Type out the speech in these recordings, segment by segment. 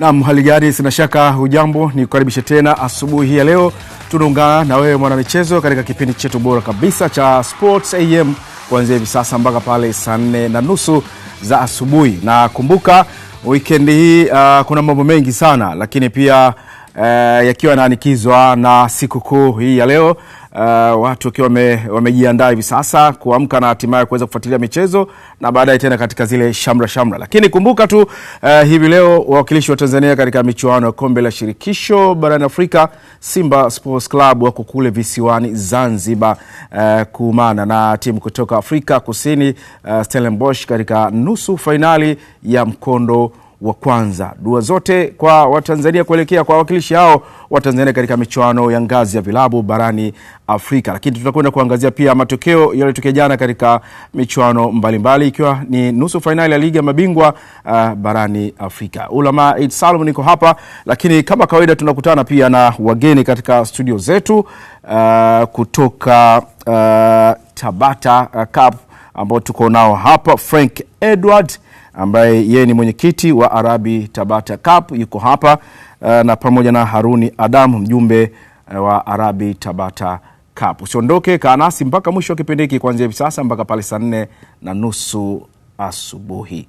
Naam, hali gani? Sina shaka hujambo, ni kukaribisha tena asubuhi ya leo. Tunaungana na wewe mwanamichezo katika kipindi chetu bora kabisa cha Sports AM kuanzia hivi sasa mpaka pale saa nne na nusu za asubuhi, na kumbuka wikendi hii uh, kuna mambo mengi sana lakini pia uh, yakiwa yanaanikizwa na sikukuu hii ya leo uh, watu wakiwa wame, wamejiandaa hivi sasa kuamka na hatimaye kuweza kufuatilia michezo na baadaye tena katika zile shamra shamra. Lakini kumbuka tu uh, hivi leo wawakilishi wa Tanzania katika michuano ya kombe la shirikisho barani Afrika, Simba Sports Club wako kule visiwani Zanzibar uh, kuumana na timu kutoka Afrika Kusini uh, Stellenbosch katika nusu fainali ya mkondo wa kwanza. Dua zote kwa Watanzania kuelekea kwa wawakilishi hao wa Tanzania katika michuano ya ngazi ya vilabu barani Afrika. Lakini tutakwenda kuangazia pia matokeo yaliyotokea jana katika michuano mbalimbali ikiwa ni nusu fainali ya ligi ya mabingwa uh, barani Afrika. Ulama Eid Salum niko hapa, lakini kama kawaida tunakutana pia na wageni katika studio zetu uh, kutoka uh, Tabata uh, Cup ambao tuko nao hapa Frank Edward ambaye yeye ni mwenyekiti wa Arabi Tabata Cup yuko hapa uh, na pamoja na Haruni Adam mjumbe uh, wa Arabi Tabata Cup. Usiondoke, kaa nasi mpaka mwisho wa kipindi hiki kuanzia hivi sasa mpaka pale saa nne na nusu asubuhi.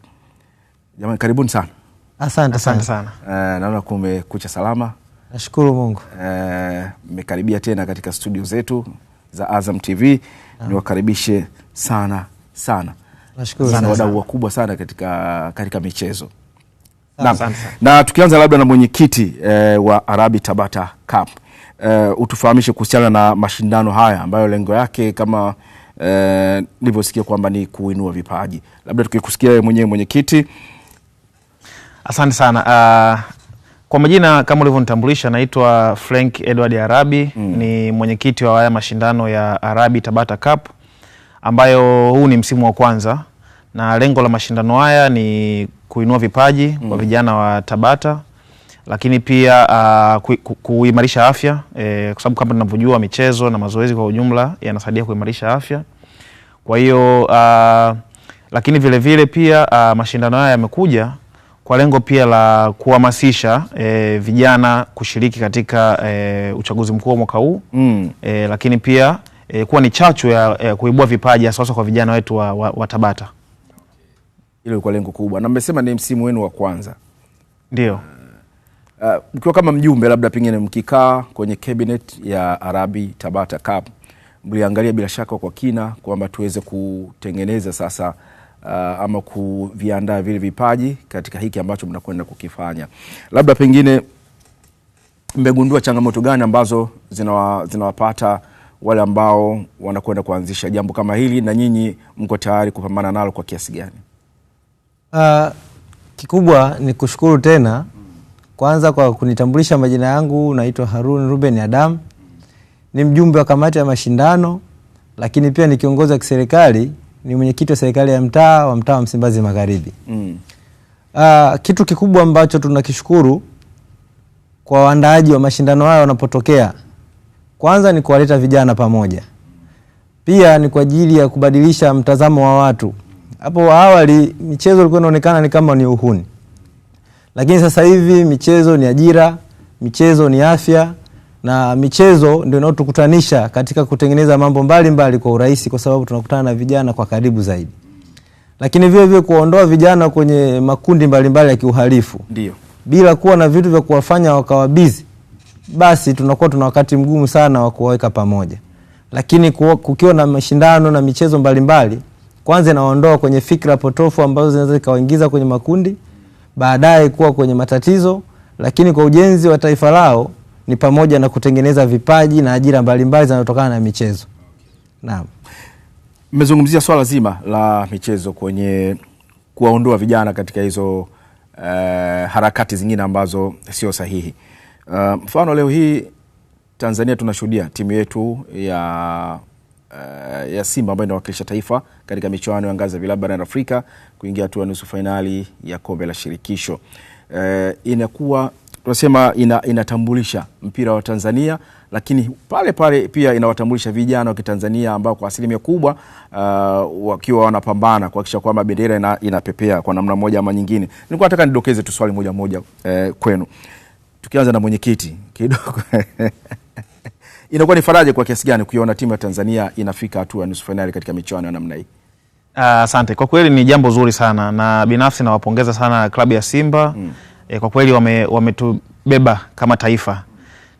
Jamani, karibuni sana. Asante sana, sana. Uh, naona kumekucha salama. Nashukuru Mungu. Mmekaribia uh, tena katika studio zetu za Azam TV. Ah. Niwakaribishe sana sana sana wadau wakubwa sana katika, katika michezo na, na tukianza labda na mwenyekiti eh, wa Arabi Tabata Cup eh, utufahamishe kuhusiana na mashindano haya ambayo lengo yake kama eh, nilivyosikia eh, kwamba ni kuinua vipaji, labda tukikusikia wewe mwenyewe mwenyekiti. Asante sana uh, kwa majina kama ulivyonitambulisha, naitwa Frank Edward Arabi mm. ni mwenyekiti wa haya mashindano ya Arabi Tabata Cup ambayo huu ni msimu wa kwanza na lengo la mashindano haya ni kuinua vipaji mm. kwa vijana wa Tabata lakini pia uh, ah, ku, ku, kuimarisha afya eh, kwa sababu kama tunavyojua michezo na mazoezi kwa ujumla yanasaidia kuimarisha afya. Kwa hiyo uh, lakini vilevile vile pia uh, mashindano haya yamekuja kwa lengo pia la kuhamasisha eh, vijana kushiriki katika eh, uchaguzi mkuu wa mwaka huu mm. eh, lakini pia e, kuwa ni chachu ya e, kuibua vipaji hasa kwa vijana wetu wa, wa, wa Tabata. Hilo lilikuwa lengo kubwa, na mmesema ni msimu wenu wa kwanza, ndio uh, uh, mkiwa uh, kama mjumbe, labda pengine mkikaa kwenye cabinet ya Arabi Tabata Cup mliangalia bila shaka kwa kina kwamba tuweze kutengeneza sasa uh, ama kuviandaa vile vipaji katika hiki ambacho mnakwenda kukifanya. Labda pengine mmegundua changamoto gani ambazo zinawapata zina wale ambao wanakwenda kuanzisha jambo kama hili, na nyinyi mko tayari kupambana nalo kwa kiasi gani? Uh, kikubwa ni kushukuru tena kwanza kwa kunitambulisha. Majina yangu naitwa Harun Ruben Adam, ni mjumbe wa kamati ya mashindano, lakini pia ni kiongozi wa kiserikali, ni mwenyekiti wa serikali ya mtaa wa mtaa wa Msimbazi Magharibi. Mm. Uh, kitu kikubwa ambacho tunakishukuru kwa waandaaji wa mashindano hayo wanapotokea kwanza ni kuwaleta vijana pamoja, pia ni kwa ajili ya kubadilisha mtazamo wa watu. Hapo awali michezo ilikuwa inaonekana ni kama ni uhuni, lakini sasa hivi michezo ni ajira, michezo ni afya na michezo ndio inayotukutanisha katika kutengeneza mambo mbalimbali mbali kwa urahisi, kwa sababu tunakutana na vijana kwa karibu zaidi, lakini vile vile kuondoa vijana kwenye makundi mbalimbali mbali ya kiuhalifu, ndio bila kuwa na vitu vya kuwafanya wakawabizi basi tunakuwa tuna wakati mgumu sana wa kuwaweka pamoja, lakini kukiwa na mashindano na michezo mbalimbali, kwanza inaondoa kwenye fikra potofu ambazo zinaweza zikawaingiza kwenye makundi, baadaye kuwa kwenye matatizo. Lakini kwa ujenzi wa taifa lao ni pamoja na kutengeneza vipaji na ajira mbalimbali zinazotokana na michezo. Naam, mmezungumzia swala zima la michezo kwenye kuwaondoa vijana katika hizo uh, harakati zingine ambazo sio sahihi. Uh, mfano leo hii Tanzania tunashuhudia timu yetu ya Uh, ya Simba ambayo inawakilisha taifa katika michuano ya ngazi ya vilabu barani Afrika kuingia hatua ya nusu fainali ya kombe la shirikisho. Uh, inakuwa tunasema ina, inatambulisha mpira wa Tanzania, lakini pale pale pia inawatambulisha vijana wa Kitanzania ambao kwa asilimia kubwa uh, wakiwa wanapambana kuhakikisha kwamba bendera ina, inapepea kwa namna moja ama nyingine. Nilikuwa nataka nidokeze tu swali moja moja uh, kwenu tukianza na mwenyekiti kidogo inakuwa ni faraja kwa kiasi gani kuiona timu ya Tanzania inafika hatua ya nusu fainali katika michuano ya namna hii? Ah, asante. Uh, kwa kweli ni jambo zuri sana na binafsi nawapongeza sana klabu ya Simba mm. E, kwa kweli wametubeba wame kama taifa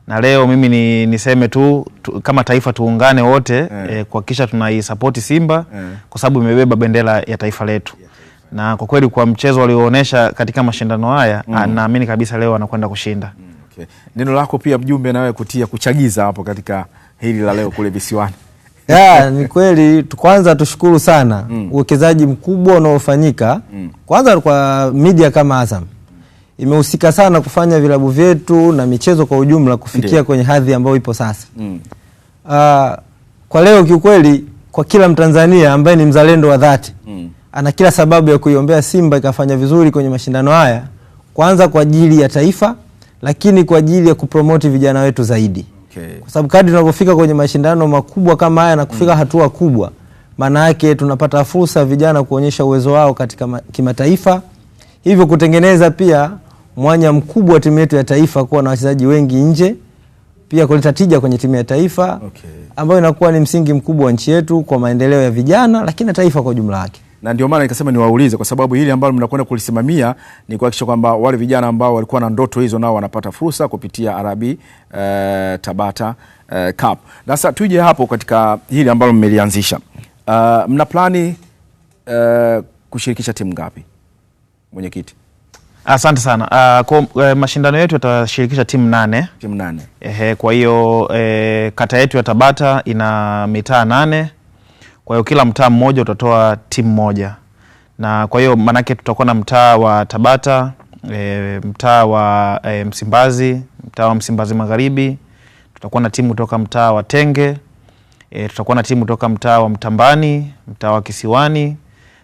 na leo mimi ni, niseme tu, tu kama taifa tuungane wote yeah. E, eh, kuhakikisha tunaisapoti Simba yeah. kwa sababu imebeba bendera ya taifa letu yeah na kwa kweli kwa mchezo alioonyesha katika mashindano haya mm. Ah, naamini kabisa leo anakwenda kushinda. Mm, okay. Neno lako pia mjumbe, nawe kutia kuchagiza hapo katika hili la leo kule visiwani. Yeah, ni kweli. Kwanza tushukuru sana mm. uwekezaji mkubwa unaofanyika mm. kwanza kwa media kama Azam imehusika sana kufanya vilabu vyetu na michezo kwa ujumla kufikia Ndiye. kwenye hadhi ambayo ipo sasa mm. Uh, kwa leo kiukweli, kwa kila Mtanzania ambaye ni mzalendo wa dhati ana kila sababu ya kuiombea Simba ikafanya vizuri kwenye mashindano haya, kwanza kwa ajili ya taifa, lakini kwa ajili ya kupromoti vijana wetu zaidi okay. Kwa sababu kadri tunavyofika kwenye mashindano makubwa kama haya na kufika mm. hatua kubwa, maana yake tunapata fursa vijana kuonyesha uwezo wao katika kimataifa, hivyo kutengeneza pia mwanya mkubwa timu yetu ya taifa kuwa na wachezaji wengi nje, pia kuleta tija kwenye timu ya taifa okay. ambayo inakuwa ni msingi mkubwa wa nchi yetu kwa maendeleo ya vijana, lakini na taifa kwa ujumla wake na ndio maana nikasema niwaulize, kwa sababu hili ambalo mnakwenda kulisimamia ni kuhakikisha kwamba wale vijana ambao walikuwa na ndoto hizo nao wanapata fursa kupitia Arabi eh, Tabata eh, Cup. Sasa tuje hapo katika hili ambalo mmelianzisha, uh, mna plani uh, kushirikisha timu ngapi, mwenyekiti? Asante sana uh, kwa uh, mashindano yetu yatashirikisha timu nane, timu nane. Ehe, kwa hiyo eh, kata yetu ya Tabata ina mitaa nane kwa hiyo kila mtaa mmoja utatoa timu moja, na kwa hiyo maanake tutakuwa na mtaa wa Tabata e, mtaa wa e, Msimbazi, mtaa wa Msimbazi Magharibi, tutakuwa na timu kutoka mtaa wa Tenge e, tutakuwa na timu kutoka mtaa wa Mtambani, mtaa wa Kisiwani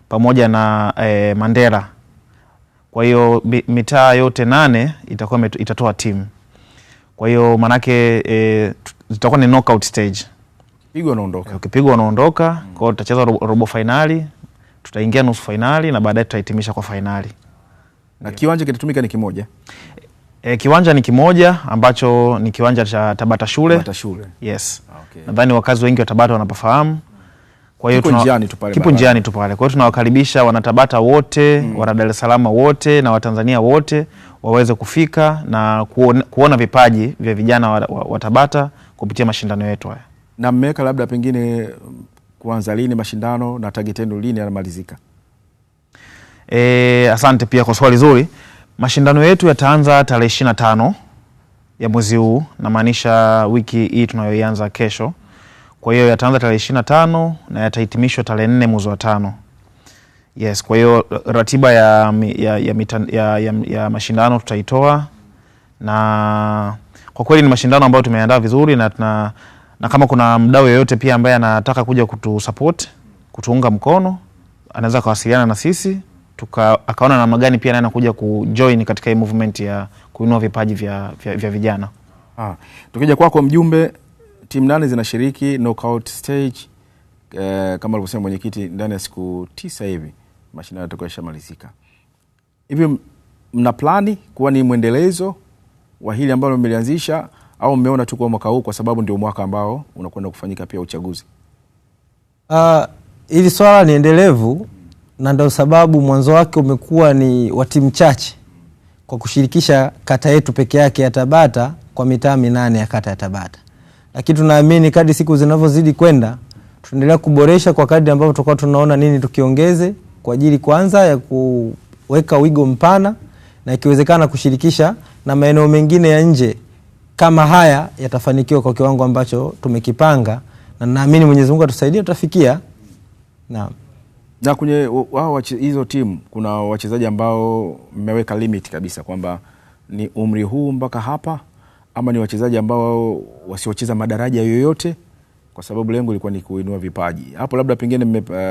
pamoja na e, Mandera. Kwa hiyo mitaa yote nane itakuwa itatoa timu. Kwa hiyo maanake e, zitakuwa ni knockout stage. Ukipigwa unaondoka. Ukipigwa unaondoka. Kwa hiyo tutacheza robo, robo fainali, tutaingia nusu fainali na baadaye tutahitimisha kwa fainali. Na yeah. Kiwanja kitatumika ni kimoja. E, kiwanja ni kimoja ambacho ni kiwanja cha Tabata shule. Tabata shule. Yes. Okay. Nadhani wakazi wengi wa Tabata wanapafahamu. Kwa hiyo kipo njiani tu pale. Kwa hiyo tunawakaribisha wanatabata wote mm. wana Dar es Salaam wote na Watanzania wote waweze kufika na kuona, kuona vipaji vya vijana wa, wa, wa Tabata kupitia mashindano yetu haya na mmeweka labda pengine kuanza lini mashindano na tageti yenu lini yanamalizika? E, asante pia kwa swali zuri. Mashindano yetu yataanza tarehe ishirini na tano ya mwezi huu, namaanisha wiki hii tunayoianza kesho. Kwa hiyo yataanza tarehe ishirini na tano na yatahitimishwa tarehe nne mwezi wa tano. Yes, kwa hiyo ratiba ya, ya, ya, ya, ya, ya mashindano tutaitoa, na kwa kweli ni mashindano ambayo tumeandaa vizuri na tuna na kama kuna mdau yeyote pia ambaye anataka kuja kutusupport, kutuunga mkono, anaweza kawasiliana na sisi tuka, akaona namna gani pia naye kuja kujoin katika hii movement ya kuinua vipaji vya, vya, vya vijana. Ah, tukija kwako mjumbe, timu nane zinashiriki knockout stage e, kama alivyosema mwenyekiti ndani ya siku tisa hivi mashindano yatakuwa yashamalizika. Hivi mna plani kuwa ni mwendelezo wa hili ambalo mmelianzisha au mmeona tu kwa mwaka huu kwa sababu ndio mwaka ambao unakwenda kufanyika pia uchaguzi? Uh, ah, ili swala ni endelevu na ndio sababu mwanzo wake umekuwa ni wa timu chache kwa kushirikisha kata yetu peke yake ya Tabata kwa mitaa minane ya kata ya Tabata, lakini tunaamini kadi siku zinavyozidi kwenda tunaendelea kuboresha kwa kadri ambavyo tutakuwa tunaona nini tukiongeze kwa ajili kwanza ya kuweka wigo mpana na ikiwezekana kushirikisha na maeneo mengine ya nje kama haya yatafanikiwa kwa kiwango ambacho tumekipanga, na naamini Mwenyezi Mungu atusaidie, tutafikia. Na Na kwenye wao hizo timu kuna wachezaji ambao mmeweka limit kabisa kwamba ni umri huu mpaka hapa, ama ni wachezaji ambao wasiocheza madaraja yoyote, kwa sababu lengo ilikuwa ni kuinua vipaji hapo. Labda pengine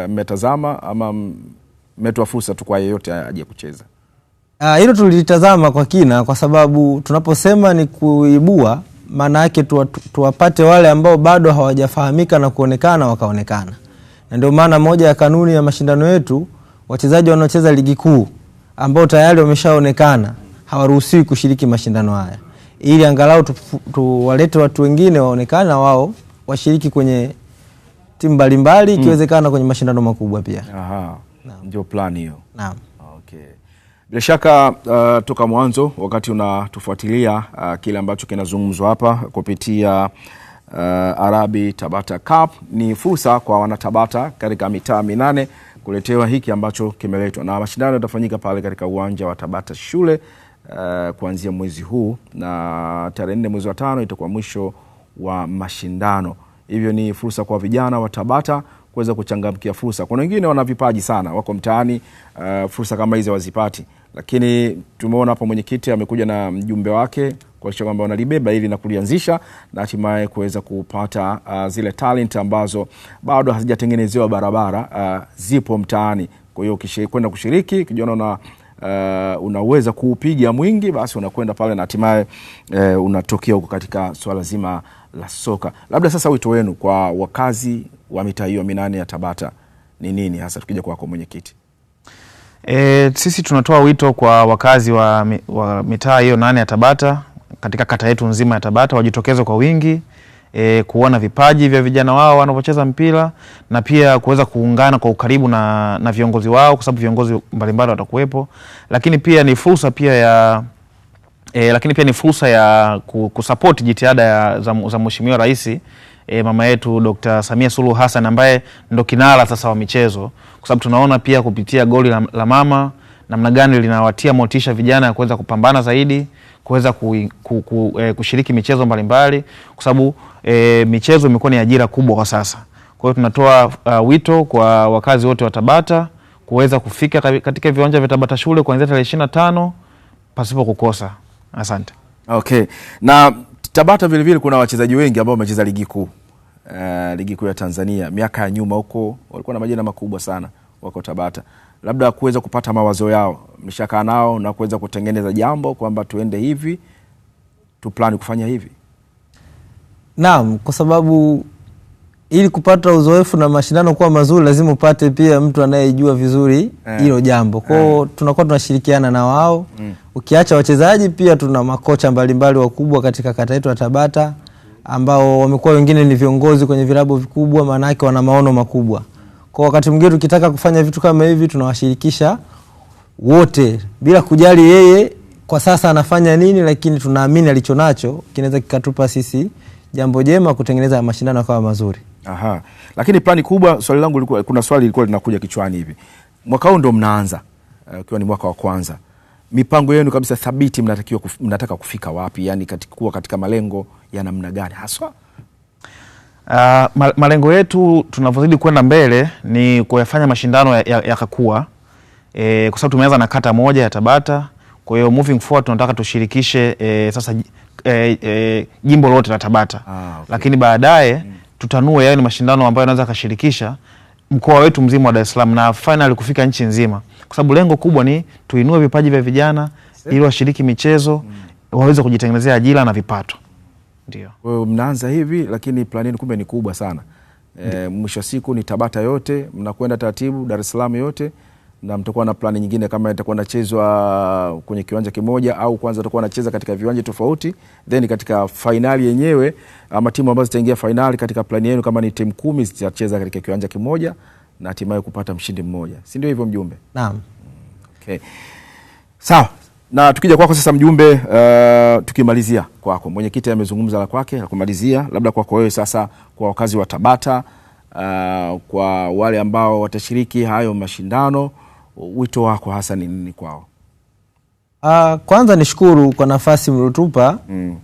mmetazama ama mmetoa fursa tu kwa yeyote aje kucheza? Ah, hilo uh, kwa kina kwa sababu tunaposema ni kuibua maana yake tuwapate wale ambao bado hawajafahamika na kuonekana wakaonekana, na ndio maana moja ya kanuni ya mashindano yetu, wachezaji wanaocheza ligi kuu ambao tayari wameshaonekana hawaruhusiwi kushiriki mashindano haya, ili angalau tuwalete watu wengine waonekane na wao washiriki kwenye timu mbalimbali mm. ikiwezekana, mm. kwenye mashindano makubwa pia. Aha, ndio plan hiyo. Naam. Bila shaka uh, toka mwanzo wakati unatufuatilia uh, kile ambacho kinazungumzwa hapa kupitia uh, Arabi Tabata Cup ni fursa kwa wanatabata katika mitaa minane kuletewa hiki ambacho kimeletwa, na mashindano yatafanyika pale katika uwanja wa Tabata shule uh, kuanzia mwezi huu na tarehe nne mwezi wa tano itakuwa mwisho wa mashindano. Hivyo ni fursa kwa vijana wa Tabata kuweza kuchangamkia fursa. Kuna wengine wana vipaji sana, wako mtaani, uh, fursa kama hizi wazipati lakini tumeona hapa mwenyekiti amekuja na mjumbe wake kuakisha kwamba wanalibeba hili na kulianzisha na hatimaye kuweza kupata uh, zile talent ambazo bado hazijatengenezewa barabara uh, zipo mtaani. Kwa hiyo ukishakwenda kushiriki, ukijiona na uh, unaweza kuupiga mwingi, basi unakwenda pale na hatimaye uh, unatokea huko katika swala zima la soka. Labda sasa wito wenu kwa wakazi wa mitaa hiyo minane ya Tabata ni nini hasa, tukija kwako mwenyekiti? E, sisi tunatoa wito kwa wakazi wa, wa mitaa hiyo nane ya Tabata katika kata yetu nzima ya Tabata wajitokeze kwa wingi e, kuona vipaji vya vijana wao wanavyocheza mpira na pia kuweza kuungana kwa ukaribu na, na viongozi wao kwa sababu viongozi mbalimbali watakuwepo, lakini pia ni fursa pia ya e, lakini pia ni fursa ya kusapoti jitihada ya, za, za Mheshimiwa Rais e, mama yetu Dr. Samia Suluhu Hassan ambaye ndo kinara sasa wa michezo, kwa sababu tunaona pia kupitia goli la, la mama namna gani linawatia motisha vijana ya kuweza kupambana zaidi kuweza ku, ku, ku, e, kushiriki michezo mbalimbali kwa sababu e, michezo imekuwa ni ajira kubwa kwa sasa. Kwa hiyo tunatoa uh, wito kwa wakazi wote wa Tabata kuweza kufika katika viwanja vya Tabata shule kuanzia tarehe ishirini na tano pasipo kukosa. Asante. Okay, na Tabata vilevile vile kuna wachezaji wengi ambao wamecheza ligi kuu uh, ligi kuu ya Tanzania miaka ya nyuma huko, walikuwa na majina makubwa sana wako Tabata, labda kuweza kupata mawazo yao, mlishakaa nao na kuweza kutengeneza jambo kwamba tuende hivi, tuplani kufanya hivi? Naam, kwa sababu ili kupata uzoefu na mashindano kuwa mazuri, lazima upate pia mtu anayejua vizuri eh. hilo yeah. jambo kwao yeah. tunakuwa tunashirikiana na wao mm. Ukiacha wachezaji, pia tuna makocha mbalimbali wakubwa katika kata yetu ya Tabata ambao wamekuwa wengine ni viongozi kwenye vilabu vikubwa, maanake wana maono makubwa. Kwa wakati mwingine tukitaka kufanya vitu kama hivi, tunawashirikisha wote bila kujali yeye kwa sasa anafanya nini, lakini tunaamini alichonacho kinaweza kikatupa sisi jambo jema kutengeneza mashindano yakawa mazuri. Aha. Lakini plani kubwa, swali langu lilikuwa, kuna swali lilikuwa linakuja kichwani hivi, mwaka huu ndo mnaanza eh, ukiwa uh, ni mwaka wa kwanza, mipango yenu kabisa thabiti, mnatakiwa kuf, mnataka kufika wapi, yani kuwa katika malengo ya namna gani haswa? Uh, malengo yetu tunavyozidi kwenda mbele ni kuyafanya mashindano yakakua ya, ya e, kwa sababu tumeanza na kata moja ya Tabata. Kwa hiyo moving forward tunataka tushirikishe e, sasa e, e, jimbo lote la Tabata. Ah, okay. Lakini baadaye mm tutanue yaani mashindano ambayo yanaweza akashirikisha mkoa wetu mzima wa Dar es Salaam na finali kufika nchi nzima, kwa sababu lengo kubwa ni tuinue vipaji vya vijana ili washiriki michezo mm. waweze kujitengenezea ajira na vipato. Ndio mnaanza hivi, lakini plani yenu kumbe ni kubwa sana. E, mwisho wa siku ni Tabata yote mnakwenda taratibu, Dar es Salaam yote na mtakuwa na plani nyingine kama itakuwa nachezwa kwenye kiwanja kimoja au kwanza atakuwa anacheza katika viwanja tofauti, then katika fainali yenyewe ama timu ambazo zitaingia fainali, katika plani yenu kama ni timu kumi zitacheza katika kiwanja kimoja na hatimaye kupata mshindi mmoja, si ndio hivyo mjumbe? Naam. Okay. Sawa. Na tukija kwako sasa mjumbe, uh, tukimalizia kwako, mwenyekiti amezungumza la kwake, akumalizia labda kwako wewe sasa, kwa wakazi wa Tabata, uh, kwa wale ambao watashiriki hayo mashindano wito wako hasa ni nini kwao? Uh, kwanza nishukuru kwa nafasi mliotupa mm.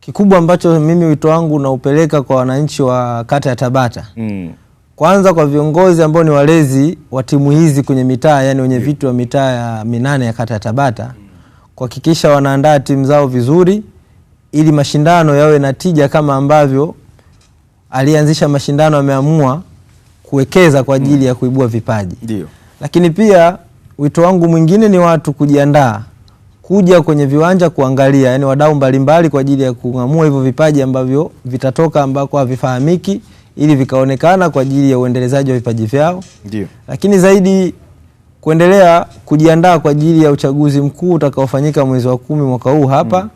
Kikubwa ambacho mimi wito wangu naupeleka kwa wananchi wa kata ya Tabata mm. Kwanza kwa viongozi ambao ni walezi wa timu hizi kwenye mitaa, yani wenye viti wa mitaa ya minane ya kata ya Tabata kuhakikisha wanaandaa timu zao vizuri ili mashindano yawe na tija, kama ambavyo alianzisha mashindano ameamua kuwekeza kwa ajili mm. ya kuibua vipaji. Ndio. Lakini pia wito wangu mwingine ni watu kujiandaa kuja kwenye viwanja kuangalia, yani wadau mbalimbali kwa ajili ya kung'amua hivyo vipaji ambavyo vitatoka ambako havifahamiki ili vikaonekana kwa ajili ya uendelezaji wa vipaji vyao. Lakini zaidi kuendelea kujiandaa kwa ajili ya uchaguzi mkuu utakaofanyika mwezi wa kumi mwaka huu hapa mm.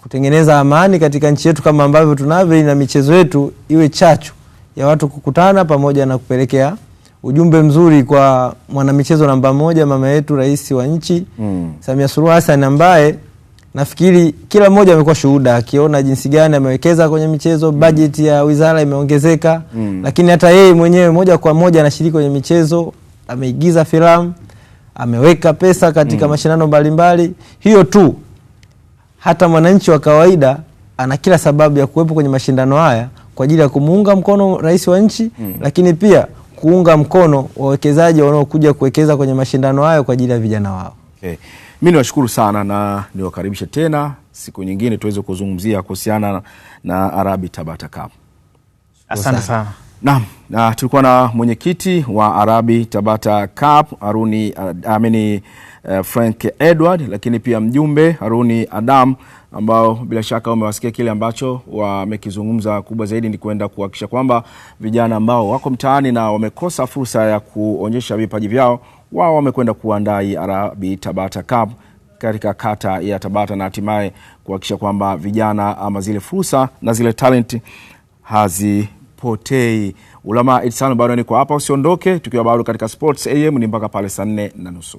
Kutengeneza amani katika nchi yetu kama ambavyo tunavyo, na michezo yetu iwe chachu ya watu kukutana pamoja na kupelekea ujumbe mzuri kwa mwanamichezo namba moja, mama yetu rais wa nchi mm. Samia Suluhu Hassan ambaye nafikiri kila mmoja amekuwa shuhuda akiona jinsi gani amewekeza kwenye michezo mm. Bajeti ya wizara imeongezeka mm. Lakini hata yeye mwenyewe moja kwa moja anashiriki kwenye michezo, ameigiza filamu, ameweka pesa katika mm. mashindano mbalimbali. Hiyo tu hata mwananchi wa kawaida ana kila sababu ya kuwepo kwenye mashindano haya kwa ajili ya kumuunga mkono rais wa nchi mm. Lakini pia kuunga mkono wawekezaji wanaokuja kuwekeza kwenye mashindano hayo kwa ajili ya vijana wao. Okay. Mimi niwashukuru sana na niwakaribishe tena siku nyingine tuweze kuzungumzia kuhusiana na Arabi Tabata Cup. Asante sana. Naam, na tulikuwa na mwenyekiti wa Arabi Tabata Cup Haruni Amini, uh, uh, Frank Edward, lakini pia mjumbe Haruni Adam ambao bila shaka umewasikia kile ambacho wamekizungumza. Kubwa zaidi ni kuenda kuhakikisha kwamba vijana ambao wako mtaani na wamekosa fursa ya kuonyesha vipaji vyao, wao wamekwenda kuandaa ERB Tabata Cup katika kata ya Tabata na hatimaye kuhakikisha kwamba vijana ama zile fursa na zile talenti hazipotei. Ulama Itsano bado niko hapa, usiondoke. Tukiwa bado katika Sports AM ni mpaka pale saa nne na nusu.